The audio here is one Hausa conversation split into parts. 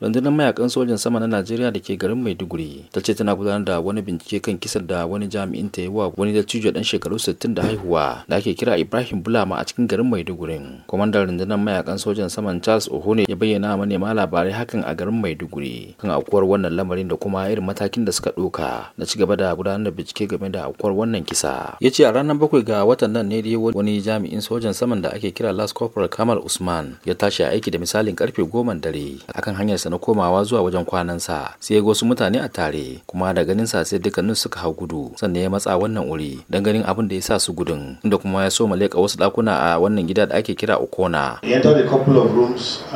rundunar mayakan sojan sama na najeriya da ke garin maiduguri ta ce tana gudanar da wani bincike kan kisan da wani jami'in ta yi wa wani dattijo dan shekaru 60 da haihuwa da ake kira ibrahim bulama a cikin garin maiduguri kwamandan rundunar mayakan sojan saman charles ohone ya bayyana manema labarai hakan a garin maiduguri kan aukuwar wannan lamarin da kuma irin matakin da suka ɗauka na ci gaba da gudanar da bincike game da aukuwar wannan kisa ya ce a ranar bakwai ga watan nan ne dai wani jami'in sojan saman da ake kira last corporal kamal usman ya tashi a aiki da misalin karfe goma dare akan hanyarsa na komawa zuwa wajen kwanan sa. sai ya ga wasu mutane a tare kuma da ganin sa sai dukkanin suka hau gudu sannan ya matsa wannan wuri dan ganin abin da ya sa su gudun inda kuma ya so maleka wasu dakuna a wannan gida da ake kira Okona. He entered a couple of rooms a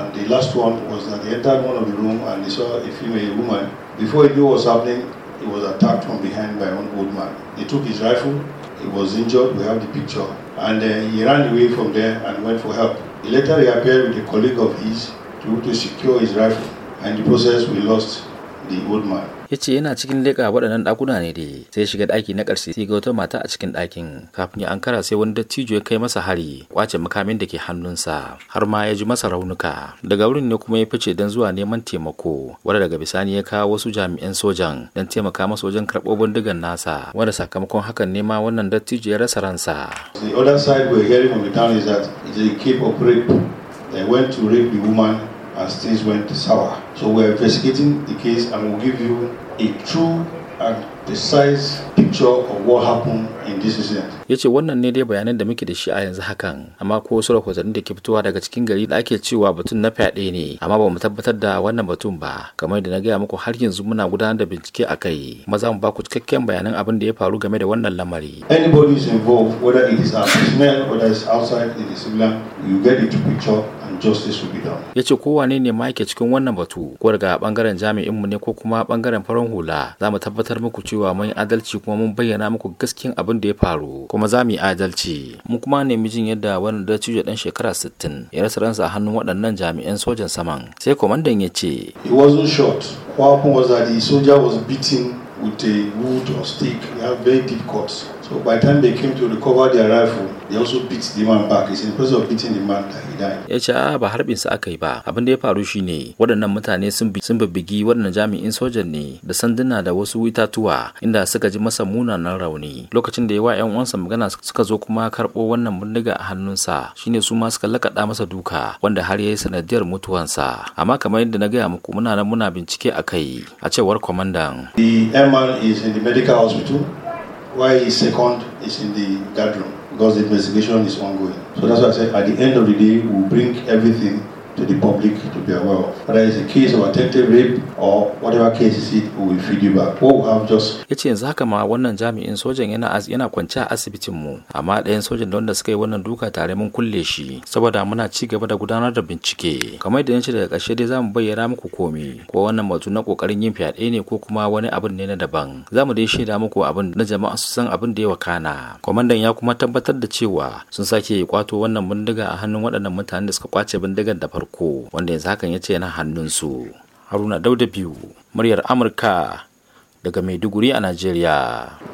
female woman. Before he was injured, we have the picture, and uh, he ran away from there and went for help. He later reappeared with a colleague of his to, to secure his rifle. and the process we lost the old man. ya ce yana cikin leƙa waɗannan ɗakuna ne dai sai shiga ɗaki na ƙarshe sai ga wata mata a cikin ɗakin kafin ya ankara sai wani dattijo ya kai masa hari kwace makamin da ke hannunsa har ma ya ji masa raunuka daga wurin ne kuma ya fice don zuwa neman taimako wanda daga bisani ya kawo wasu jami'an sojan don taimaka masa wajen karɓo bindigan nasa wanda sakamakon hakan ne ma wannan dattijo ya rasa ransa. the other side we're hearing from the town is that it is a they went to rape the woman as things went sour. So we're investigating the case and we'll give you a true and precise picture of what happened in this incident. Ya ce wannan ne dai bayanan da muke da shi a yanzu hakan, amma ko wasu rahotannin da ke fitowa daga cikin gari da ake cewa batun na fyaɗe ne, amma ba mu tabbatar da wannan batun ba, kamar da na gaya muku har yanzu muna gudanar da bincike a kai, kuma za mu ba ku cikakken bayanan abin da ya faru game da wannan lamari. Anybody is involved, whether it is a prisoner, whether it is outside, in the civilian you get the picture justice will be done. Ya ce kowane ne ma yake cikin wannan batu ko daga bangaren jami'in mu ne ko kuma bangaren farin hula za mu tabbatar muku cewa mun adalci kuma mun bayyana muku gaskiyan abin da ya faru kuma za mu yi adalci. Mun kuma nemi jin yadda wani dattijo dan shekara 60 ya rasa ransa a hannun waɗannan jami'an sojan saman. Sai kwamandan ya ce. He wasn't shot. What was that was beating. with a wood or stick. They have very deep cuts. So by the time they came to recover their rifle, they also beat the man back. It's in the process of beating the man that he died. Ya ce a ba harbin sa aka yi ba. Abin da ya faru shine waɗannan mutane sun sun bibbigi waɗannan jami'in sojan ne da sanduna da wasu itatuwa inda suka ji masa munanan rauni. Lokacin da ya wa ƴan uwansa magana suka zo kuma karɓo wannan bindiga a hannunsa shine su ma suka lakaɗa masa duka wanda har ya yi sanadiyar mutuwansa. Amma kamar yadda na gaya muku muna nan muna bincike a kai a cewar kwamandan. The man is in the medical hospital, while his second is in the guard room because the investigation is ongoing. So that's why I said at the end of the day, we'll bring everything to the public to be aware of. Whether it's a case of attempted rape or whatever case is it, we will feed you back. What we have just. Ya yanzu haka ma wannan jami'in sojan yana yana kwance a asibitin mu amma ɗayan sojan da wanda suka yi wannan duka tare mun kulle shi saboda muna ci gaba da gudanar da bincike kamar yadda ce daga ƙarshe dai zamu bayyana muku komi ko wannan batu na kokarin yin fyaɗe ne ko kuma wani abin ne na daban zamu dai shaida muku abin na jama'a su san abin da ya wakana kwamandan ya kuma tabbatar da cewa sun sake kwato wannan bindiga a hannun waɗannan mutanen da suka kwace bindigar da farko wanda yanzu hakan ya ce yana hannunsu haruna dauda muryar amurka daga maiduguri a najeriya